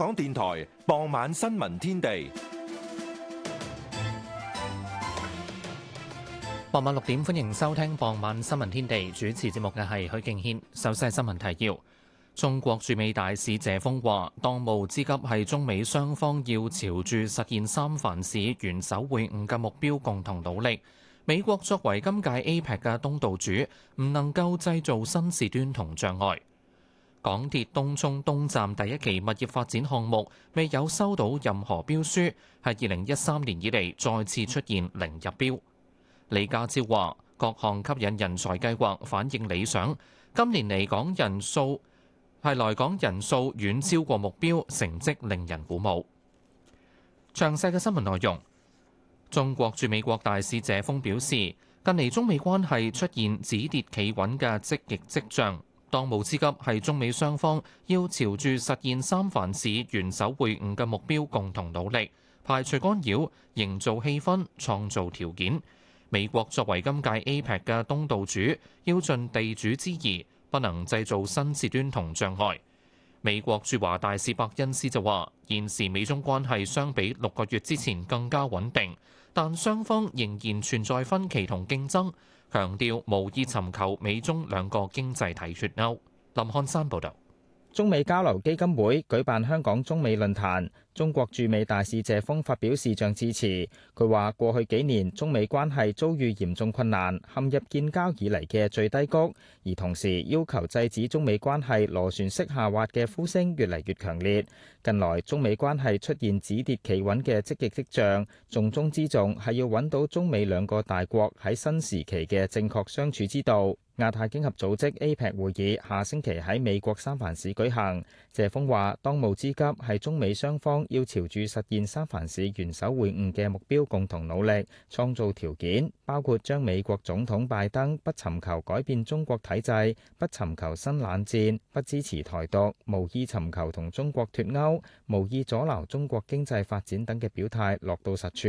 港電台傍晚新聞天地，傍晚六點，歡迎收聽傍晚新聞天地。主持節目嘅係許敬軒。首先係新聞提要：中國駐美大使謝鋒話，當務之急係中美雙方要朝住實現三藩市元首會晤嘅目標，共同努力。美國作為今屆 APEC 嘅東道主，唔能夠製造新事端同障礙。港鐵東涌東站第一期物業發展項目未有收到任何標書，係二零一三年以嚟再次出現零入標。李家超話：各項吸引人才計劃反應理想，今年嚟港人數係來港人數遠超過目標，成績令人鼓舞。詳細嘅新聞內容，中國駐美國大使謝峰表示，近嚟中美關係出現止跌企穩嘅積極跡象。當務之急係中美雙方要朝住實現三藩市元首會晤嘅目標共同努力，排除干擾，營造氣氛，創造條件。美國作為今屆 APEC 嘅東道主，要盡地主之誼，不能製造新事端同障礙。美國駐華大使伯恩斯就話：現時美中關係相比六個月之前更加穩定，但雙方仍然存在分歧同競爭。強調無意尋求美中兩個經濟體脫鉤。林漢山報導，中美交流基金會舉辦香港中美論壇。中國駐美大使謝鋒發表視像致辭，佢話過去幾年中美關係遭遇嚴重困難，陷入建交以嚟嘅最低谷，而同時要求制止中美關係螺旋式下滑嘅呼聲越嚟越強烈。近來中美關係出現止跌企穩嘅積極跡象，重中之重係要揾到中美兩個大國喺新時期嘅正確相處之道。亞太經合組織 APEC 會議下星期喺美國三藩市舉行，謝鋒話當務之急係中美雙方。要朝住實現三藩市元首會晤嘅目標，共同努力，創造條件，包括將美國總統拜登不尋求改變中國體制、不尋求新冷戰、不支持台獨、無意尋求同中國脫歐、無意阻撓中國經濟發展等嘅表態落到實處。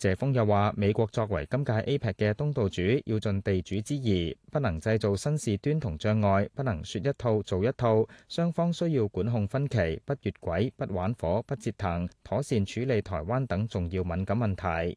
謝鋒又話：美國作為今屆 APEC 嘅東道主，要盡地主之誼，不能製造新事端同障礙，不能說一套做一套。雙方需要管控分歧，不越軌，不玩火，不折騰，妥善處理台灣等重要敏感問題。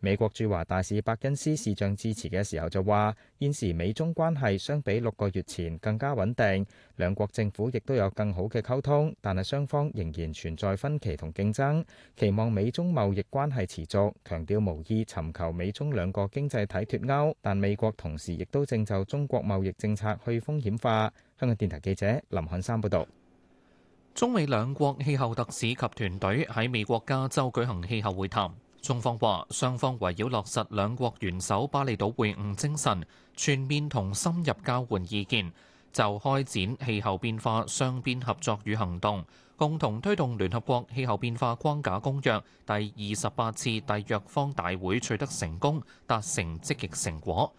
美國駐華大使伯恩斯視像致辭嘅時候就話，現時美中關係相比六個月前更加穩定，兩國政府亦都有更好嘅溝通，但係雙方仍然存在分歧同競爭，期望美中貿易關係持續，強調無意尋求美中兩個經濟體脫鈎，但美國同時亦都正就中國貿易政策去風險化。香港電台記者林漢山報道，中美兩國氣候特使及團隊喺美國加州舉行氣候會談。中方話：雙方圍繞落實兩國元首巴厘島會晤精神，全面同深入交換意見，就開展氣候變化雙邊合作與行動，共同推動聯合國氣候變化框架公約第二十八次締約方大會取得成功，達成積極成果。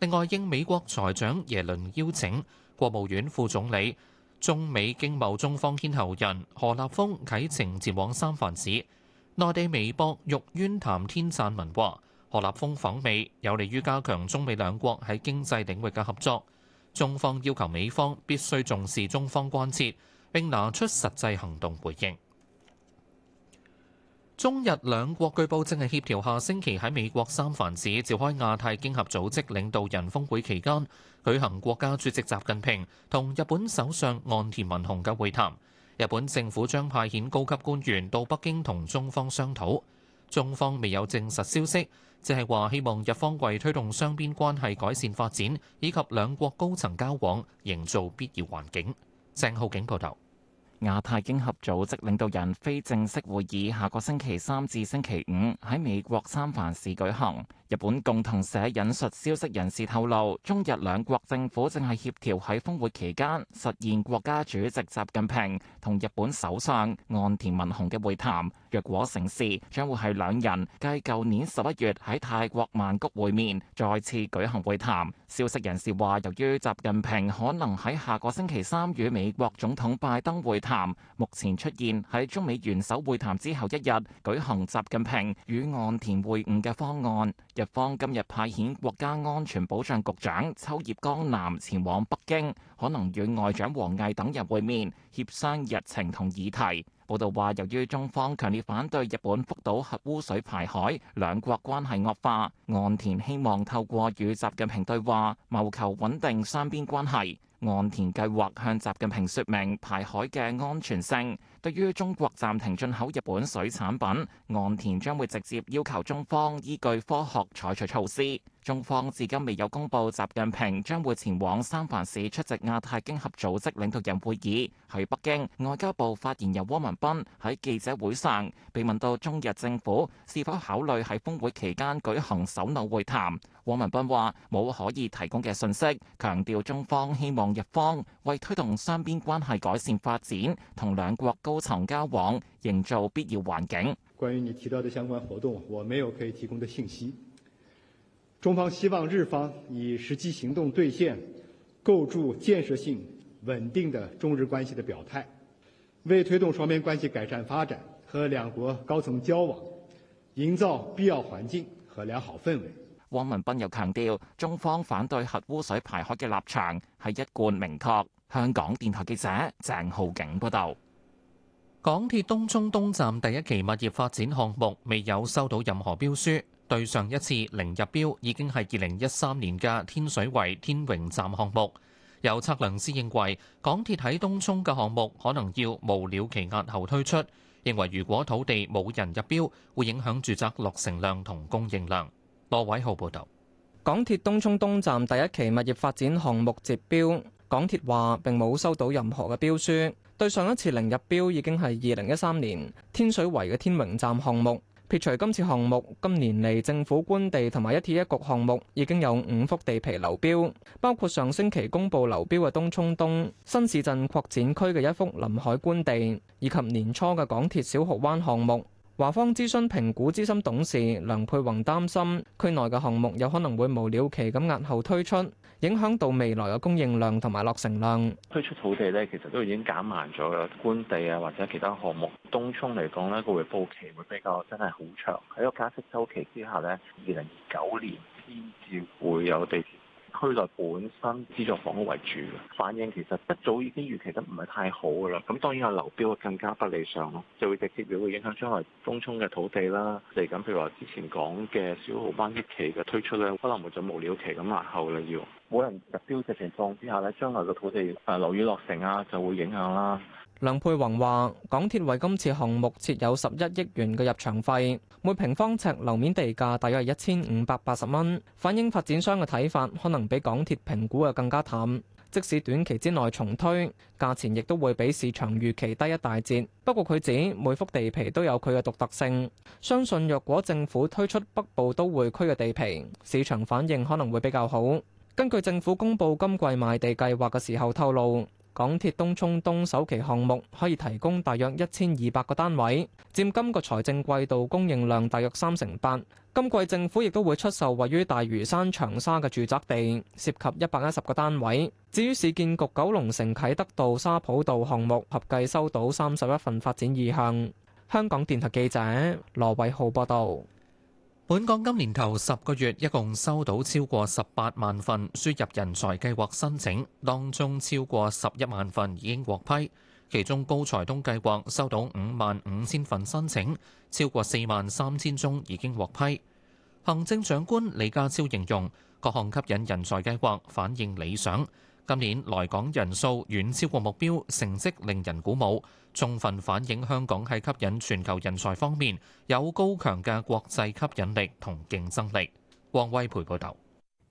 另外，應美國財長耶倫邀請，國務院副總理、中美經貿中方牽頭人何立峰啟程前往三藩市。內地微博玉淵談天撰文話，何立峰訪美有利於加強中美兩國喺經濟領域嘅合作，中方要求美方必須重視中方關切，並拿出實際行動回應。中日兩國據報正係協調下星期喺美國三藩市召開亞太經合組織領導人峰會期間，舉行國家主席習近平同日本首相岸田文雄嘅會談。日本政府將派遣高級官員到北京同中方商討，中方未有證實消息，只係話希望日方為推動雙邊關係改善發展，以及兩國高層交往營造必要環境。鄭浩景報道。亞太經合組織領導人非正式會議下個星期三至星期五喺美國三藩市舉行。日本共同社引述消息人士透露，中日兩國政府正係協調喺峰會期間實現國家主席習近平同日本首相岸田文雄嘅會談。若果成事，將會係兩人繼舊年十一月喺泰國曼谷會面，再次舉行會談。消息人士話，由於習近平可能喺下個星期三與美國總統拜登會談。目前出現喺中美元首會談之後一日舉行習近平與岸田會晤嘅方案。日方今日派遣國家安全保障局長秋葉江南前往北京，可能與外長王毅等人會面，協商日程同議題。報道話，由於中方強烈反對日本福島核污水排海，兩國關係惡化，岸田希望透過與習近平對話，謀求穩定雙邊關係。岸田計劃向習近平説明排海嘅安全性，對於中國暫停進口日本水產品，岸田將會直接要求中方依據科學採取措施。中方至今未有公布習近平將會前往三藩市出席亞太經合組織領導人會議。喺北京，外交部發言人汪文斌喺記者會上被問到中日政府是否考慮喺峯會期間舉行首腦會談，汪文斌話冇可以提供嘅信息，強調中方希望日方為推動雙邊關係改善發展同兩國高層交往營造必要環境。關於你提到的相關活動，我沒有可以提供的信息。中方希望日方以實際行動兌現構築建設性、穩定的中日關係的表態，為推動雙邊關係改善發展和兩國高層交往，營造必要環境和良好氛圍。汪文斌又強調，中方反對核污水排海嘅立場係一貫明確。香港電台記者鄭浩景報道。港鐵東涌東站第一期物業發展項目未有收到任何標書。對上一次零入標已經係二零一三年嘅天水圍天榮站項目。有測量師認為港鐵喺東涌嘅項目可能要無了期押後推出，認為如果土地冇人入標，會影響住宅落成量同供應量。羅偉浩報導。港鐵東涌東站第一期物業發展項目截標，港鐵話並冇收到任何嘅標書。對上一次零入標已經係二零一三年天水圍嘅天榮站項目。撇除今次項目，今年嚟，政府官地同埋一鐵一局項目已經有五幅地皮流標，包括上星期公布流標嘅東涌東新市鎮擴展區嘅一幅臨海官地，以及年初嘅港鐵小蠔灣項目。華方諮詢評估資深董事梁佩宏擔心，區內嘅項目有可能會無了期咁押後推出。影響到未來嘅供應量同埋落成量，推出土地咧，其實都已經減慢咗啦。官地啊，或者其他項目，東湧嚟講咧，個回報期會比較真係好長。喺個加息週期之下咧，二零二九年先至會有地。區內本身資助房屋為主反應，其實一早已經預期得唔係太好噶啦。咁當然個樓標會更加不理想咯，就會直接表會影響將來東涌嘅土地啦。嚟緊譬如話之前講嘅小蠔灣一期嘅推出咧，可能會就無了期咁延後啦。要冇人入標嘅情況之下咧，將來嘅土地誒樓宇落成啊，就會影響啦。梁佩宏話港鐵為今次項目設有十一億元嘅入場費，每平方尺樓面地價大約係一千五百八十蚊。反映發展商嘅睇法，可能比港鐵評估嘅更加淡。即使短期之內重推，價錢亦都會比市場預期低一大截。不過，佢指每幅地皮都有佢嘅獨特性，相信若果政府推出北部都會區嘅地皮，市場反應可能會比較好。根據政府公布今季賣地計劃嘅時候透露。港鐵東湧東首期項目可以提供大約一千二百個單位，佔今個財政季度供應量大約三成八。今季政府亦都會出售位於大嶼山長沙嘅住宅地，涉及一百一十個單位。至於市建局九龍城啟德道沙浦道項目，合計收到三十一份發展意向。香港電台記者羅偉浩報道。本港今年頭十個月一共收到超過十八萬份輸入人才計劃申請，當中超過十一萬份已經獲批。其中高才通計劃收到五萬五千份申請，超過四萬三千宗已經獲批。行政長官李家超形容各項吸引人才計劃反應理想。今年來港人數遠超過目標，成績令人鼓舞，充分反映香港喺吸引全球人才方面有高強嘅國際吸引力同競爭力。王威培報道。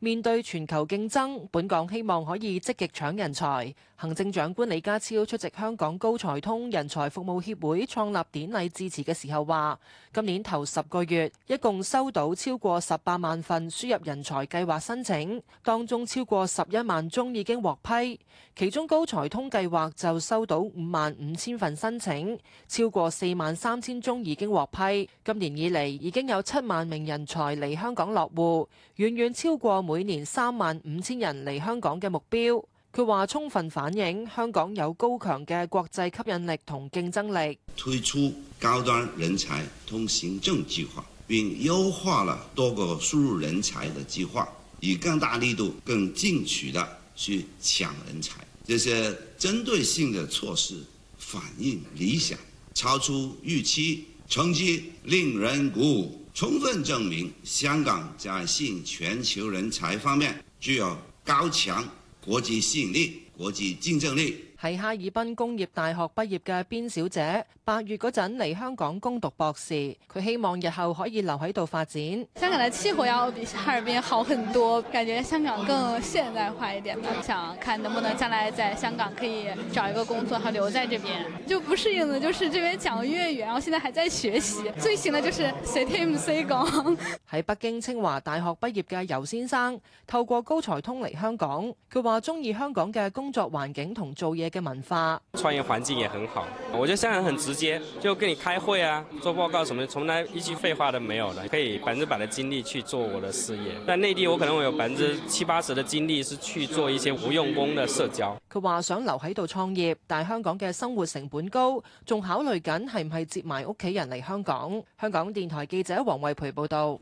面對全球競爭，本港希望可以積極搶人才。行政長官李家超出席香港高才通人才服務協會創立典禮致辭嘅時候話：今年頭十個月，一共收到超過十八萬份輸入人才計劃申請，當中超過十一萬宗已經獲批。其中高才通計劃就收到五萬五千份申請，超過四萬三千宗已經獲批。今年以嚟已經有七萬名人才嚟香港落戶，遠遠超過每。每年三萬五千人嚟香港嘅目標，佢話充分反映香港有高強嘅國際吸引力同競爭力。推出高端人才通行證計劃，並優化了多個輸入人才的計劃，以更大力度、更進取的去搶人才。這些針對性的措施反映理想，超出預期，成績令人鼓舞。充分證明香港在吸引全球人才方面具有高強國際吸引力、國際競爭力。喺哈爾濱工業大學畢業嘅邊小姐，八月嗰陣嚟香港攻讀博士，佢希望日後可以留喺度發展。香港嘅氣候要比哈爾濱好很多，感覺香港更現代化一點。想看能不能將來在香港可以找一個工作，和留在這邊。就不適應嘅就是這邊講粵語，然後現在還在學習。最醒嘅就是 say team say gang。喺北京清華大學畢業嘅游先生，透過高才通嚟香港，佢話中意香港嘅工作環境同做嘢。嘅文化，創業環境也很好。我覺得香港人很直接，就跟你開會啊，做報告什麼從來一句廢話都沒有啦，可以百分之百的精力去做我的事業，但內地，我可能會有百分之七八十的精力是去做一些無用功的社交。佢話想留喺度創業，但香港嘅生活成本高，仲考慮緊係唔係接埋屋企人嚟香港。香港電台記者黃慧培報道，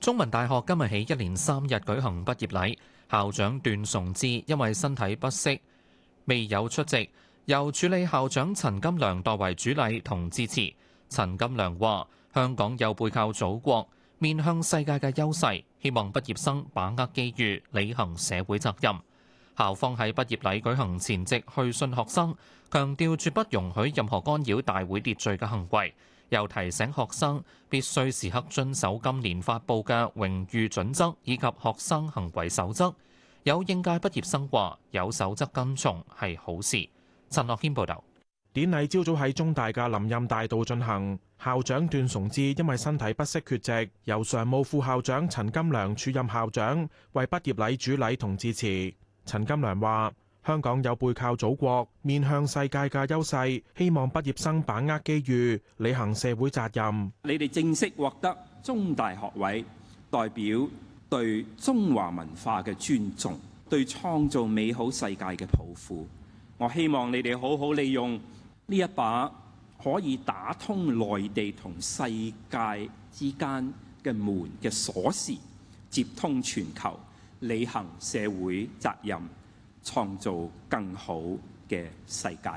中文大學今日起一連三日舉行畢業禮，校長段崇智因為身體不適。未有出席，由署理校長陳金良代為主禮同支持。陳金良話：香港有背靠祖國、面向世界嘅優勢，希望畢業生把握機遇，履行社會責任。校方喺畢業禮舉行前夕去信學生，強調絕不容許任何干擾大會秩序嘅行為，又提醒學生必須時刻遵守今年發佈嘅榮譽準則以及學生行為守則。有應屆畢業生話：有守則跟從係好事。陳樂軒報導。典禮朝早喺中大嘅林蔭大道進行。校長段崇智因為身體不適缺席，由常務副校長陳金良署任校長為畢業禮主禮同致辭。陳金良話：香港有背靠祖國、面向世界嘅優勢，希望畢業生把握機遇，履行社會責任。你哋正式獲得中大學位，代表。對中華文化嘅尊重，對創造美好世界嘅抱負，我希望你哋好好利用呢一把可以打通內地同世界之間嘅門嘅鎖匙，接通全球，履行社會責任，創造更好嘅世界。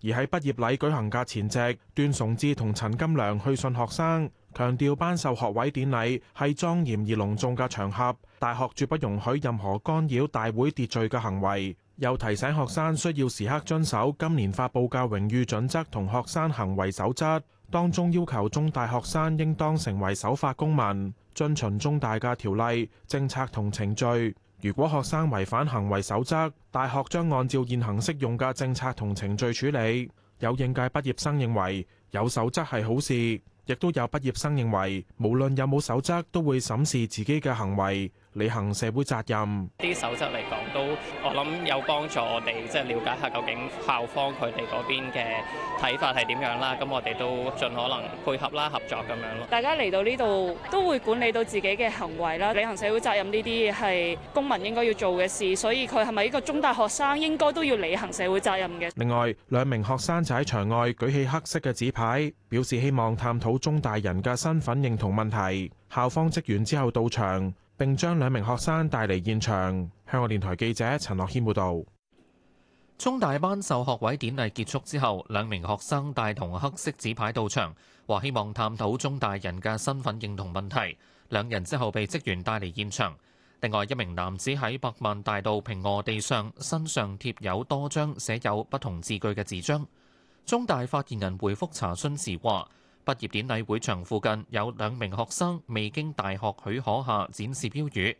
而喺畢業禮舉行嘅前夕，段崇智同陳金良去信學生。強調頒授學位典禮係莊嚴而隆重嘅場合，大學絕不容許任何干擾大會秩序嘅行為。又提醒學生需要時刻遵守今年發佈嘅榮譽準則同學生行為守則，當中要求中大學生應當成為守法公民，遵循中大嘅條例、政策同程序。如果學生違反行為守則，大學將按照現行適用嘅政策同程序處理。有應屆畢業生認為有守則係好事。亦都有畢業生認為，無論有冇守則，都會審視自己嘅行為。履行社會責任啲守則嚟講，都我諗有幫助。我哋即係了解下究竟校方佢哋嗰邊嘅睇法係點樣啦。咁、嗯、我哋都盡可能配合啦，合作咁樣咯。大家嚟到呢度都會管理到自己嘅行為啦，履行社會責任呢啲係公民應該要做嘅事。所以佢係咪一個中大學生，應該都要履行社會責任嘅。另外兩名學生就喺場外舉起黑色嘅紙牌，表示希望探討中大人嘅身份認同問題。校方職員之後到場。並將兩名學生帶離現場。香港電台記者陳樂謙報導。中大頒授學位典禮結束之後，兩名學生帶同黑色紙牌到場，話希望探討中大人嘅身份認同問題。兩人之後被職員帶離現場。另外一名男子喺百萬大道平卧地上，身上貼有多張寫有不同字句嘅紙張。中大發言人回覆查詢時話。畢業典禮會場附近有兩名學生未經大學許可下展示標語，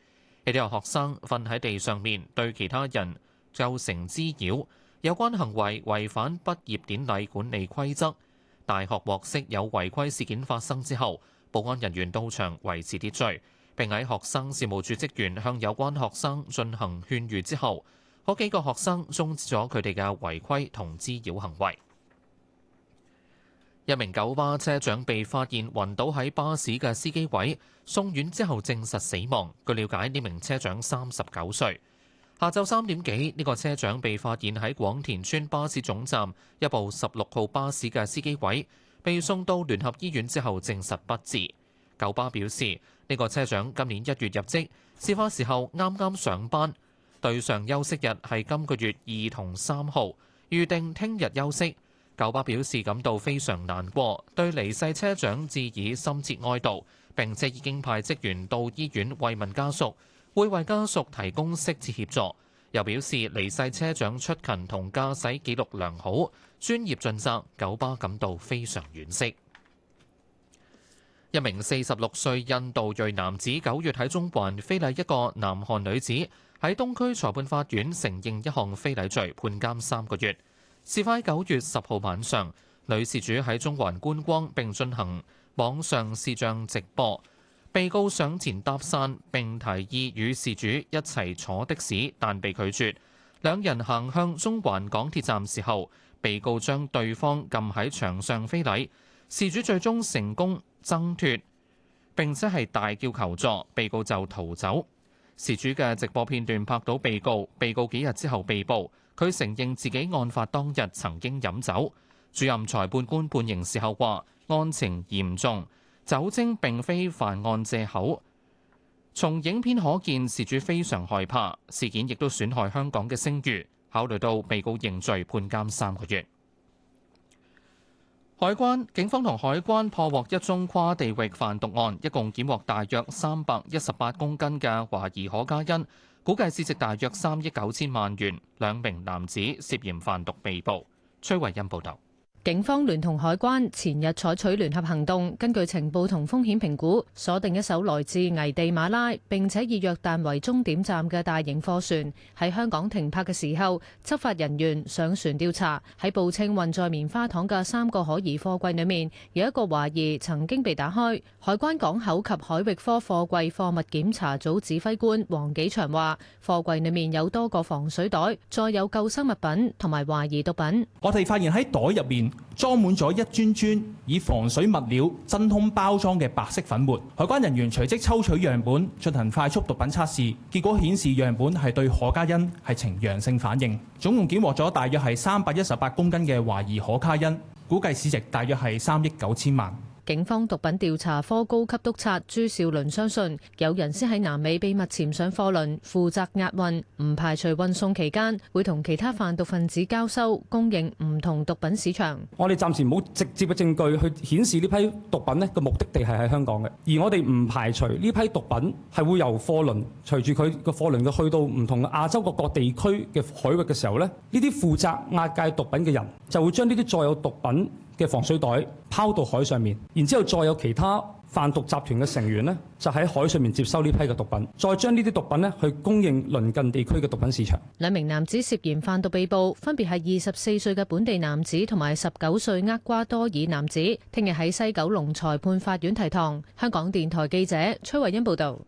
有學生瞓喺地上面對其他人構成滋擾，有關行為違反畢業典禮管理規則。大學獲悉有違規事件發生之後，保安人員到場維持秩序，並喺學生事務處職員向有關學生進行勸喻之後，嗰幾個學生終止咗佢哋嘅違規同滋擾行為。一名九巴車長被發現暈倒喺巴士嘅司機位，送院之後證實死亡。據了解，呢名車長三十九歲。下晝三點幾，呢個車長被發現喺廣田村巴士總站一部十六號巴士嘅司機位，被送到聯合醫院之後證實不治。九巴表示，呢個車長今年一月入職，事發時候啱啱上班，對上休息日係今個月二同三號，預定聽日休息。九巴表示感到非常難過，對離世車長致以深切哀悼，並且已經派職員到醫院慰問家屬，會為家屬提供適切協助。又表示離世車長出勤同駕駛記錄良好，專業盡責，九巴感到非常惋惜。一名四十六歲印度裔男子九月喺中環非禮一個南韓女子，喺東區裁判法院承認一項非禮罪，判監三個月。事發九月十號晚上，女事主喺中環觀光並進行網上視像直播，被告上前搭訕並提議與事主一齊坐的士，但被拒絕。兩人行向中環港鐵站時候，被告將對方撳喺牆上非禮，事主最終成功爭脱並且係大叫求助，被告就逃走。事主嘅直播片段拍到被告，被告幾日之後被捕。佢承認自己案發當日曾經飲酒。主任裁判官判刑時候話：案情嚴重，酒精並非犯案藉口。從影片可見，事主非常害怕，事件亦都損害香港嘅聲譽。考慮到被告認罪，判監三個月。海關、警方同海關破獲一宗跨地域販毒案，一共檢獲大約三百一十八公斤嘅懷疑可卡因。估計市值大約三億九千萬元，兩名男子涉嫌販毒被捕。崔慧欣報道。警方聯同海關前日採取聯合行動，根據情報同風險評估，鎖定一艘來自危地馬拉並且以約旦為終點站嘅大型貨船喺香港停泊嘅時候，執法人員上船調查，喺報稱運載棉花糖嘅三個可疑貨櫃裏面，有一個懷疑曾經被打開。海關港口及海域科貨櫃貨物檢查組指揮官黃紀祥話：貨櫃裏面有多個防水袋，載有救生物品同埋懷疑毒品。我哋發現喺袋入面。裝滿咗一樽樽以防水物料真空包裝嘅白色粉末，海關人員隨即抽取樣本進行快速毒品測試，結果顯示樣本係對可卡因係呈陽性反應，總共檢獲咗大約係三百一十八公斤嘅懷疑可卡因，估計市值大約係三億九千萬。警方毒品調查科高級督察朱兆倫相信，有人先喺南美秘密潛上貨輪負責押運，唔排除運送期間會同其他販毒分子交收，供應唔同毒品市場。我哋暫時冇直接嘅證據去顯示呢批毒品呢個目的地係喺香港嘅，而我哋唔排除呢批毒品係會由貨輪隨住佢個貨輪去到唔同亞洲各個地區嘅海域嘅時候咧，呢啲負責押解毒品嘅人就會將呢啲載有毒品。嘅防水袋拋到海上面，然之後再有其他販毒集團嘅成員呢，就喺海上面接收呢批嘅毒品，再將呢啲毒品呢去供應鄰近地區嘅毒品市場。兩名男子涉嫌販毒被捕，分別係二十四歲嘅本地男子同埋十九歲厄瓜多爾男子，聽日喺西九龍裁判法院提堂。香港電台記者崔慧欣報道。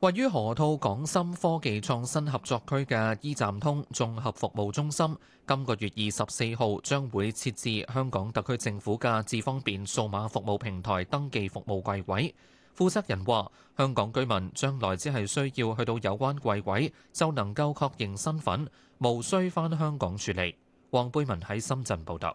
位於河套港深科技創新合作區嘅 e 站通綜合服務中心，今個月二十四號將會設置香港特區政府嘅智方便數碼服務平台登記服務櫃位。負責人話：香港居民將來只係需要去到有關櫃位，就能夠確認身份，無需返香港處理。黃貝文喺深圳報道。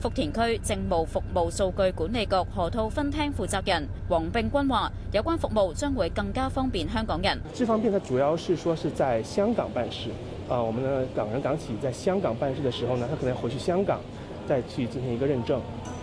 福田區政務服務數據管理局河套分廳負責人黃炳軍話：有關服務將會更加方便香港人。這方面他主要是說是在香港辦事。啊，我們的港人港企在香港辦事的時候呢，他可能要回去香港。再去進行一個認證，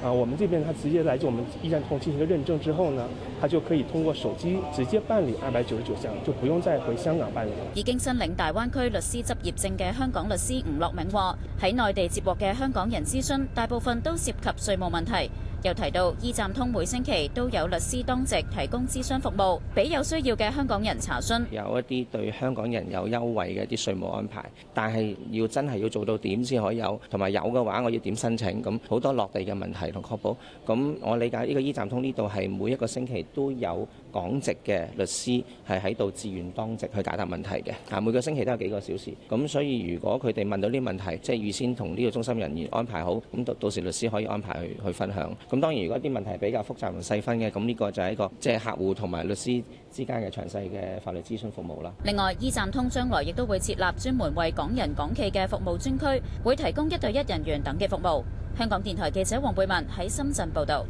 啊，我們這邊他直接來就我們一站通進行一個認證之後呢，他就可以通過手機直接辦理二百九十九項，就不用再回香港辦理了。已經申領大灣區律師執業證嘅香港律師吳樂明話：喺內地接獲嘅香港人諮詢，大部分都涉及稅務問題。又提到，E 站通每星期都有律師當值提供諮詢服務，俾有需要嘅香港人查詢，有一啲對香港人有優惠嘅一啲稅務安排，但係要真係要做到點先可以有，同埋有嘅話，我要點申請？咁好多落地嘅問題同確保。咁我理解呢個 E 站通呢度係每一個星期都有。港籍嘅律師係喺度志願當值去解答問題嘅，啊每個星期都有幾個小時，咁所以如果佢哋問到呢啲問題，即係預先同呢個中心人員安排好，咁到到時律師可以安排去去分享。咁當然如果啲問題比較複雜同細分嘅，咁呢個就係一個即係客戶同埋律師之間嘅詳細嘅法律諮詢服務啦。另外，e 站通將來亦都會設立專門為港人港企嘅服務專區，會提供一對一人員等嘅服務。香港電台記者黃貝文喺深圳報導。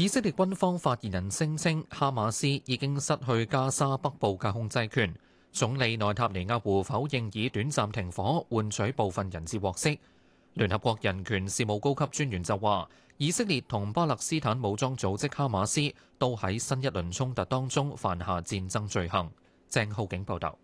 以色列軍方發言人聲稱，哈馬斯已經失去加沙北部嘅控制權。總理內塔尼亞胡否認以短暫停火換取部分人質獲釋。聯合國人權事務高級專員就話，以色列同巴勒斯坦武裝組織哈馬斯都喺新一輪衝突當中犯下戰爭罪行。鄭浩景報導。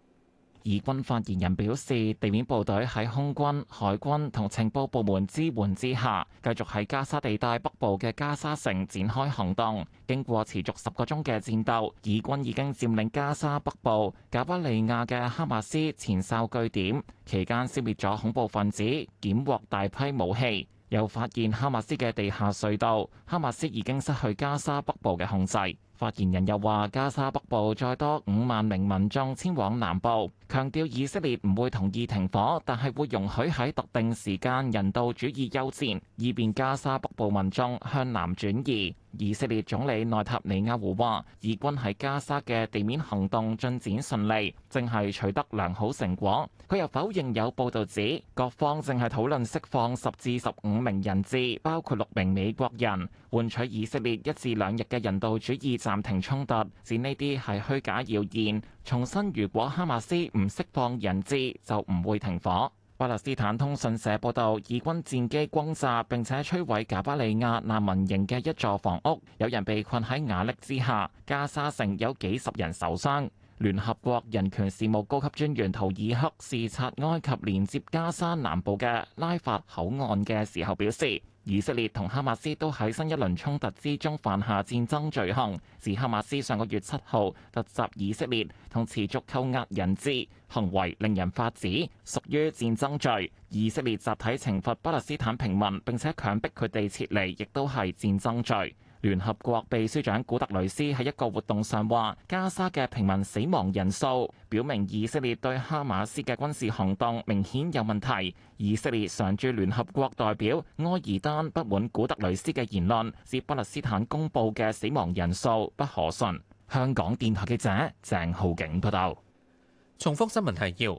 以軍發言人表示，地面部隊喺空軍、海軍同情報部門支援之下，繼續喺加沙地帶北部嘅加沙城展開行動。經過持續十個鐘嘅戰鬥，以軍已經佔領加沙北部賈巴利亞嘅哈馬斯前哨據點，期間消滅咗恐怖分子，檢獲大批武器，又發現哈馬斯嘅地下隧道。哈馬斯已經失去加沙北部嘅控制。發言人又話：加沙北部再多五萬名民眾遷往南部，強調以色列唔會同意停火，但係會容許喺特定時間人道主義休戰，以便加沙北部民眾向南轉移。以色列總理內塔尼亞胡話，以軍喺加沙嘅地面行動進展順利，正係取得良好成果。佢又否認有報道指各方正係討論釋放十至十五名人質，包括六名美國人，換取以色列一至兩日嘅人道主義暫停衝突，指呢啲係虛假謠言。重申，如果哈馬斯唔釋放人質，就唔會停火。巴勒斯坦通訊社報道，以軍戰機轟炸並且摧毀賈巴利亞難民營嘅一座房屋，有人被困喺瓦礫之下。加沙城有幾十人受傷。聯合國人權事務高級專員圖爾克視察埃及連接加沙南部嘅拉法口岸嘅時候表示。以色列同哈馬斯都喺新一輪衝突之中犯下戰爭罪行。自哈馬斯上個月七號突襲以色列，同持續扣押人質，行為令人髮指，屬於戰爭罪。以色列集體懲罰巴勒斯坦平民，並且強迫佢哋撤離，亦都係戰爭罪。聯合國秘書長古特雷斯喺一個活動上話：加沙嘅平民死亡人數表明以色列對哈馬斯嘅軍事行動明顯有問題。以色列常駐聯合國代表埃爾丹不滿古特雷斯嘅言論，指巴勒斯坦公布嘅死亡人數不可信。香港電台記者鄭浩景報道。重複新聞提要。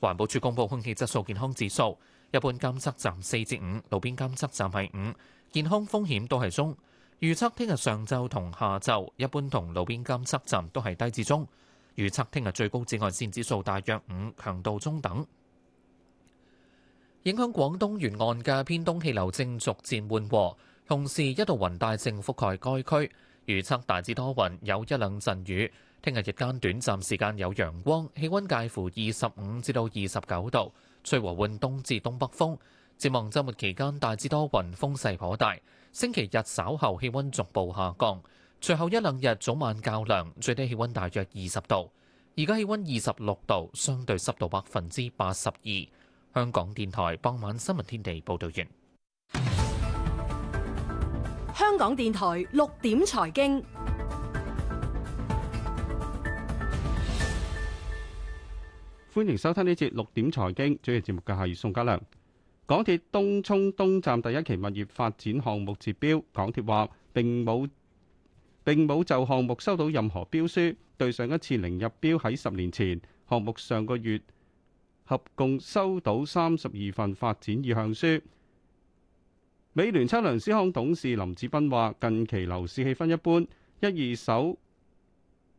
環保署公布空氣質素健康指數，一般監測站四至五，路邊監測站係五，健康風險都係中。預測聽日上晝同下晝，一般同路邊監測站都係低至中。預測聽日最高紫外線指數大約五，強度中等。影響廣東沿岸嘅偏東氣流正逐漸緩和，同時一度雲帶正覆蓋該區，預測大致多雲，有一兩陣雨。聽日日間短暫時間有陽光，氣溫介乎二十五至到二十九度，吹和緩東至東北風。展望周末期間大致多雲，風勢頗大。星期日稍後氣溫逐步下降，隨後一兩日早晚較涼，最低氣溫大約二十度。而家氣溫二十六度，相對濕度百分之八十二。香港電台傍晚新聞天地報道完。香港電台六點財經。歡迎收聽呢節六點財經。主持節目嘅係宋嘉良。港鐵東涌東站第一期物業發展項目接標，港鐵話並冇並冇就項目收到任何標書。對上一次零入標喺十年前，項目上個月合共收到三十二份發展意向書。美聯測量師行董事林志斌話：近期樓市氣氛一般，一二手、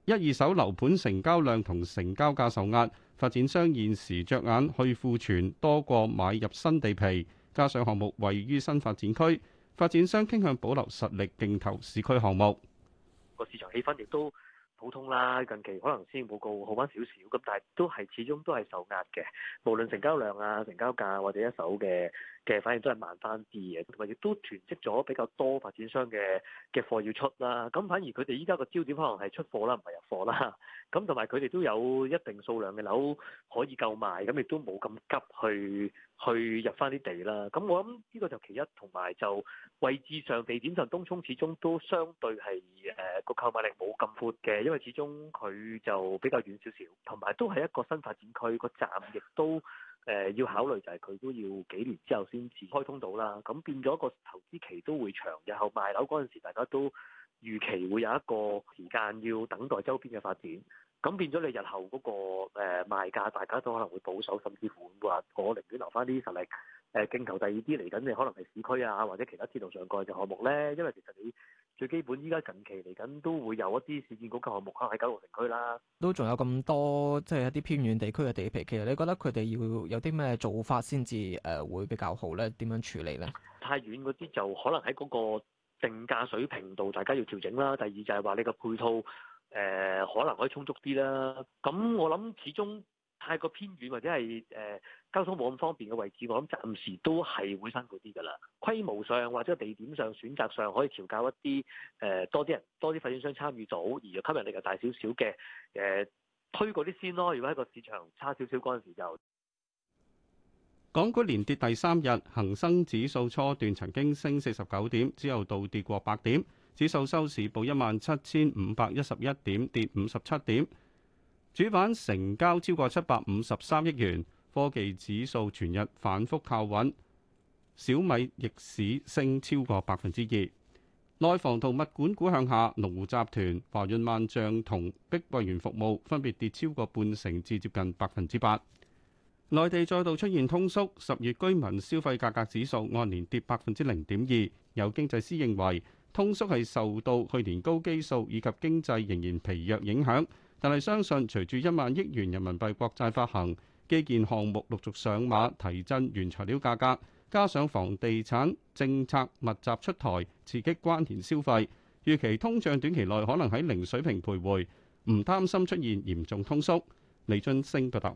一二手樓盤成交量同成交價受壓。發展商現時着眼去庫存多過買入新地皮，加上項目位於新發展區，發展商傾向保留實力競投市區項目。個市場氣氛亦都普通啦，近期可能先報告好翻少少，咁但係都係始終都係受壓嘅，無論成交量啊、成交價或者一手嘅。嘅反而都係慢翻啲嘅，同埋亦都囤積咗比較多發展商嘅嘅貨要出啦。咁反而佢哋依家個焦點可能係出貨啦，唔係入貨啦。咁同埋佢哋都有一定數量嘅樓可以夠賣，咁亦都冇咁急去去入翻啲地啦。咁我諗呢個就其一，同埋就位置上，地點就東涌始終都相對係誒個購買力冇咁闊嘅，因為始終佢就比較遠少少，同埋都係一個新發展區，個站亦都。誒要考慮就係佢都要幾年之後先至開通到啦，咁變咗個投資期都會長。日後賣樓嗰陣時，大家都預期會有一個時間要等待周邊嘅發展，咁變咗你日後嗰個誒賣價，大家都可能會保守，甚至乎會話我寧願留翻啲實力誒競投第二啲嚟緊你可能係市區啊或者其他鐵路上蓋嘅項目呢，因為其實你。最基本依家近期嚟緊都會有一啲市建局嘅項目喺喺九龍城區啦，都仲有咁多即係一啲偏遠地區嘅地皮。其實你覺得佢哋要有啲咩做法先至誒會比較好咧？點樣處理咧？太遠嗰啲就可能喺嗰個定價水平度大家要調整啦。第二就係話你個配套誒、呃、可能可以充足啲啦。咁我諗始終太過偏遠或者係誒。呃交通冇咁方便嘅位置，我諗暫時都係會生嗰啲㗎啦。規模上或者個地點上選擇上可以調教一啲誒、呃、多啲人多啲發展商參與到，而又吸引力又大少少嘅誒推嗰啲先咯。如果喺個市場差少少嗰陣時就，就港股連跌第三日，恒生指數初段曾經升四十九點，之後倒跌過百點，指數收市報一萬七千五百一十一點，跌五十七點，主板成交超過七百五十三億元。科技指數全日反覆靠穩，小米逆市升超過百分之二。內房同物管股向下，龍湖集團、華潤萬象同碧桂園服務分別跌超過半成至接近百分之八。內地再度出現通縮，十月居民消費價格指數按年跌百分之零點二。有經濟師認為，通縮係受到去年高基數以及經濟仍然疲弱影響，但係相信隨住一萬億元人民幣國債發行。基建項目陸續上馬，提振原材料價格，加上房地產政策密集出台，刺激關聯消費，預期通脹短期內可能喺零水平徘徊，唔擔心出現嚴重通縮。李津升報道，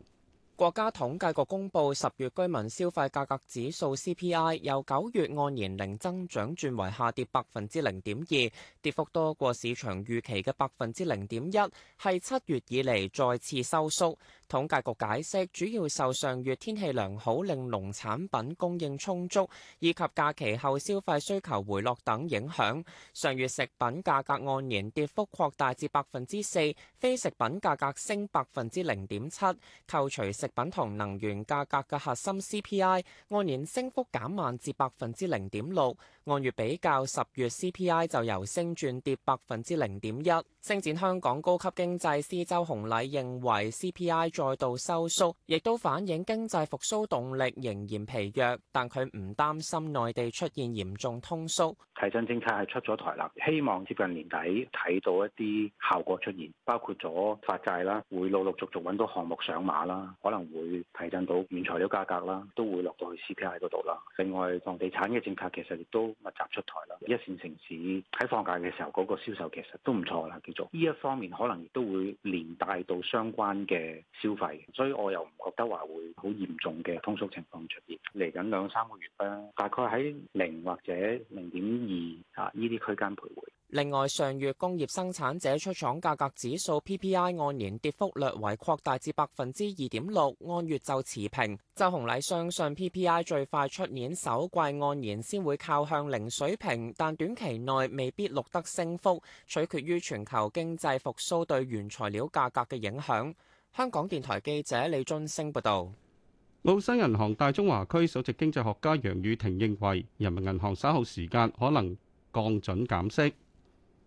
國家統計局公布十月居民消費價格指數 CPI 由九月按年零增長轉為下跌百分之零點二，跌幅多過市場預期嘅百分之零點一，係七月以嚟再次收縮。統計局解釋，主要受上月天氣良好，令農產品供應充足，以及假期後消費需求回落等影響。上月食品價格按年跌幅擴大至百分之四，非食品價格升百分之零點七，扣除食品同能源價格嘅核心 CPI 按年升幅減慢至百分之零點六。按月比較，十月 CPI 就由升轉跌百分之零點一。星展香港高級經濟師周洪禮認為，CPI 再度收縮，亦都反映經濟復蘇動力仍然疲弱。但佢唔擔心內地出現嚴重通縮。提振政策係出咗台啦，希望接近年底睇到一啲效果出現，包括咗發債啦，會陸陸續續揾到項目上馬啦，可能會提振到原材料價格啦，都會落到去 CPI 度啦。另外，房地產嘅政策其實亦都密集出台啦，一線城市喺放假嘅時候嗰個銷售其實都唔錯啦，叫做呢一方面可能亦都會連帶到相關嘅消費，所以我又唔覺得話會好嚴重嘅通縮情況出現。嚟緊兩三個月啦，大概喺零或者零點二啊呢啲區間徘徊。另外，上月工業生產者出廠價格指數 （PPI） 按年跌幅略為擴大至百分之二點六，按月就持平。周洪禮相信 PPI 最快出年首季按年先會靠向零水平，但短期內未必錄得升幅，取決於全球經濟復甦對原材料價格嘅影響。香港電台記者李俊星報道，澳新銀行大中華區首席經濟學家楊宇霆認為，人民銀行稍後時間可能降準減息。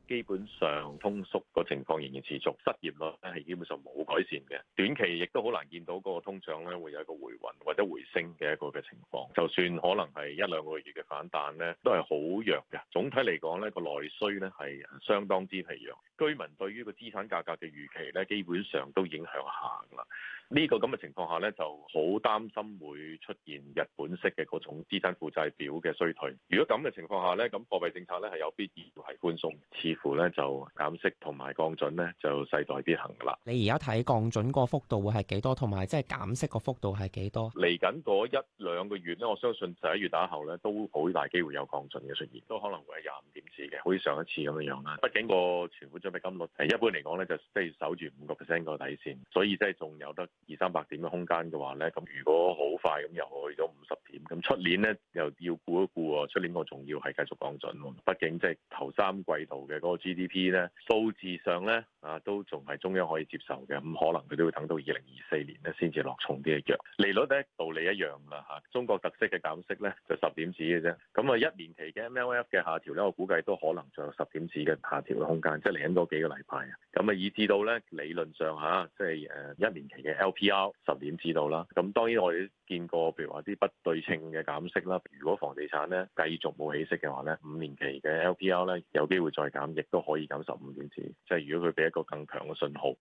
基本上通縮個情況仍然持續，失業率咧係基本上冇改善嘅，短期亦都好難見到個通脹咧會有一個回穩或者回升嘅一個嘅情況。就算可能係一兩個月嘅反彈咧，都係好弱嘅。總體嚟講咧，個內需咧係相當之疲弱，居民對於個資產價格嘅預期咧，基本上都已經向下啦。呢個咁嘅情況下咧，就好擔心會出現日本式嘅嗰種資產負債表嘅衰退。如果咁嘅情況下咧，咁貨幣政策咧係有必要係寬鬆，似乎咧就減息同埋降準咧就勢在必行啦。你而家睇降準個幅度會係幾多，同埋即係減息個幅度係幾多？嚟緊嗰一兩個月咧，我相信十一月打後咧都好大機會有降準嘅出現，都可能會係廿五點子嘅，好似上一次咁嘅樣啦。畢竟個存款準備金率係一般嚟講咧就即係守住五個 percent 個底線，所以即係仲有得，二三百點嘅空間嘅話咧，咁如果好快咁又去咗五十點，咁出年咧又要估一估喎、哦。出年我仲要係繼續降準喎、哦，畢竟即係頭三季度嘅嗰個 GDP 咧數字上咧啊都仲係中央可以接受嘅，咁可能佢都要等到二零二四年咧先至落重啲嘅藥。利率咧道理一樣啦嚇，中國特色嘅減息咧就十點子嘅啫。咁啊一年期嘅 MLF 嘅下調咧，我估計都可能仲有十點子嘅下調嘅空間，即係嚟緊多幾個禮拜啊。咁啊以至到咧理論上嚇即係誒一年期嘅。LPR 十年至到啦，咁當然我哋見過，譬如話啲不對稱嘅減息啦。如果房地產呢繼續冇起色嘅話呢，五年期嘅 LPR 呢有機會再減，亦都可以減十五點幾。即係如果佢俾一個更強嘅信號。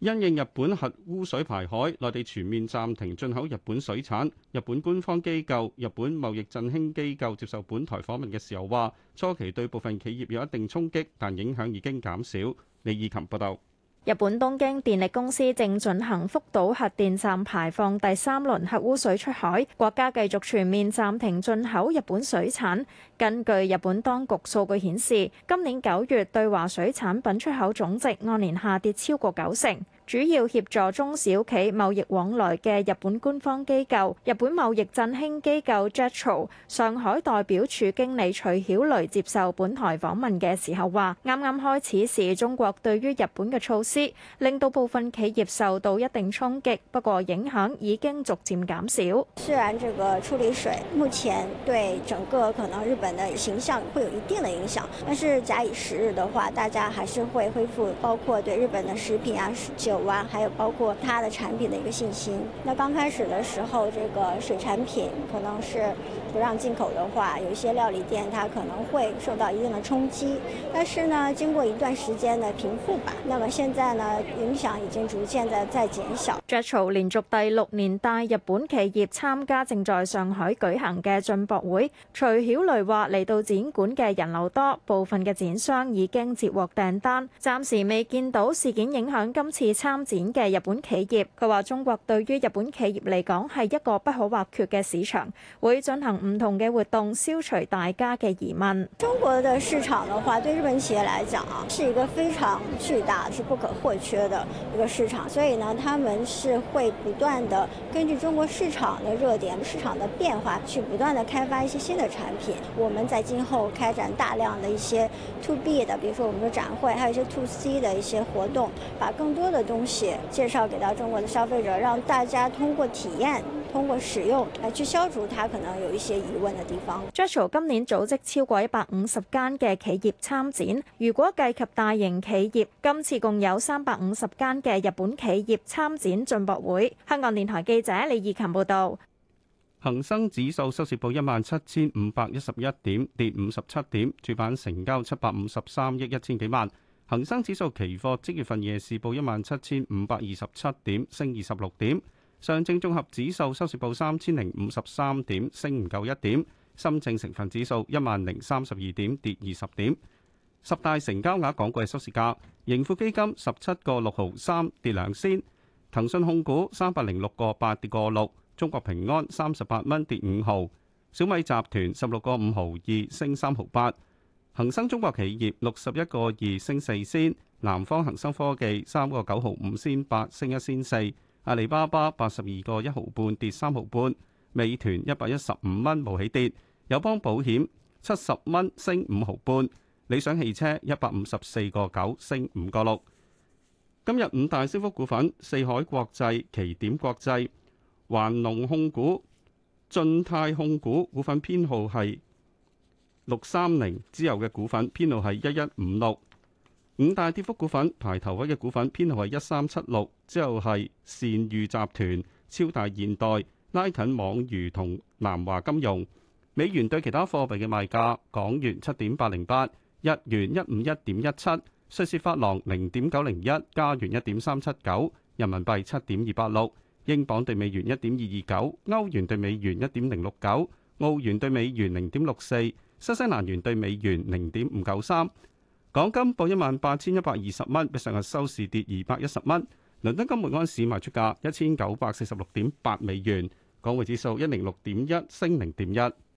因應日本核污水排海，內地全面暫停進口日本水產。日本官方機構、日本貿易振興機構接受本台訪問嘅時候話，初期對部分企業有一定衝擊，但影響已經減少。李以琴報道。日本東京電力公司正進行福島核電站排放第三輪核污水出海，國家繼續全面暫停進口日本水產。根據日本當局數據顯示，今年九月對華水產品出口總值按年下跌超過九成。主要協助中小企貿易往來嘅日本官方機構日本貿易振興機構 JETRO 上海代表處經理徐曉蕾接受本台訪問嘅時候話，啱啱開始時中國對於日本嘅措施令到部分企業受到一定衝擊，不過影響已經逐漸減少。雖然這個處理水目前對整個可能日本的形象會有一定的影響，但是假以時日的話，大家還是會恢復，包括對日本的食品啊、酒還有包括它的產品的一個信心。那剛開始的時候，這個水產品可能是。不讓進口的話，有一些料理店它可能會受到一定的衝擊。但是呢，經過一段時間的平復吧。那麼現在呢，影響已經逐漸的在減小。 JETRO 連續第六年帶日本企業參加正在上海舉行嘅進博會。徐曉雷話，嚟到展館嘅人流多，部分嘅展商已經接獲訂單，暫時未見到事件影響今次參展嘅日本企業。佢話，中國對於日本企業嚟講係一個不可或缺嘅市場，會進行。不同的活動消除大家的疑問。中國的市場的話，對日本企業來講啊，是一個非常巨大、是不可或缺的一個市場。所以呢，他們是會不斷的根據中國市場的熱點、市場的變化，去不斷的開發一些新的產品。我們在今後開展大量的一些 to B 的，比如說我們的展會，還有一些 to C 的一些活動，把更多的東西介紹給到中國的消費者，讓大家通過體驗。通過使用嚟去消除，他可能有一些疑問嘅地方。Jetro 今年組織超過一百五十間嘅企業參展，如果計及大型企業，今次共有三百五十間嘅日本企業參展進博會。香港電台記者李義勤報道。恒生指數收市報一萬七千五百一十一點，跌五十七點，主板成交七百五十三億一千幾萬。恒生指數期貨即月份夜市報一萬七千五百二十七點，升二十六點。上證綜合指數收市報三千零五十三點，升唔夠一點。深證成分指數一萬零三十二點，跌二十點。十大成交額港股嘅收市價：盈富基金十七個六毫三跌兩先，騰訊控股三百零六個八跌個六，中國平安三十八蚊跌五毫，5, 小米集團十六個五毫二升三毫八，恒生中國企業六十一個二升四仙；南方恒生科技三個九毫五仙八升一仙四。阿里巴巴八十二個一毫半跌三毫半，美團一百一十五蚊冇起跌，友邦保險七十蚊升五毫半，理想汽車一百五十四個九升五個六。今日五大升幅股份：四海國際、奇點國際、環龍控股、晉泰控股。股份編號係六三零，之後嘅股份編號係一一五六。五大跌幅股份，排頭位嘅股份編號係一三七六，之後係善譽集團、超大現代、拉近網娛同南華金融。美元對其他貨幣嘅賣價：港元七點八零八，日元一五一點一七，瑞士法郎零點九零一，加元一點三七九，人民幣七點二八六，英鎊對美元一點二二九，歐元對美元一點零六九，澳元對美元零點六四，新西蘭元對美元零點五九三。港金報一萬八千一百二十蚊，比上日收市跌二百一十蚊。倫敦金每盎司賣出價一千九百四十六點八美元，港匯指數一零六點一升零點一。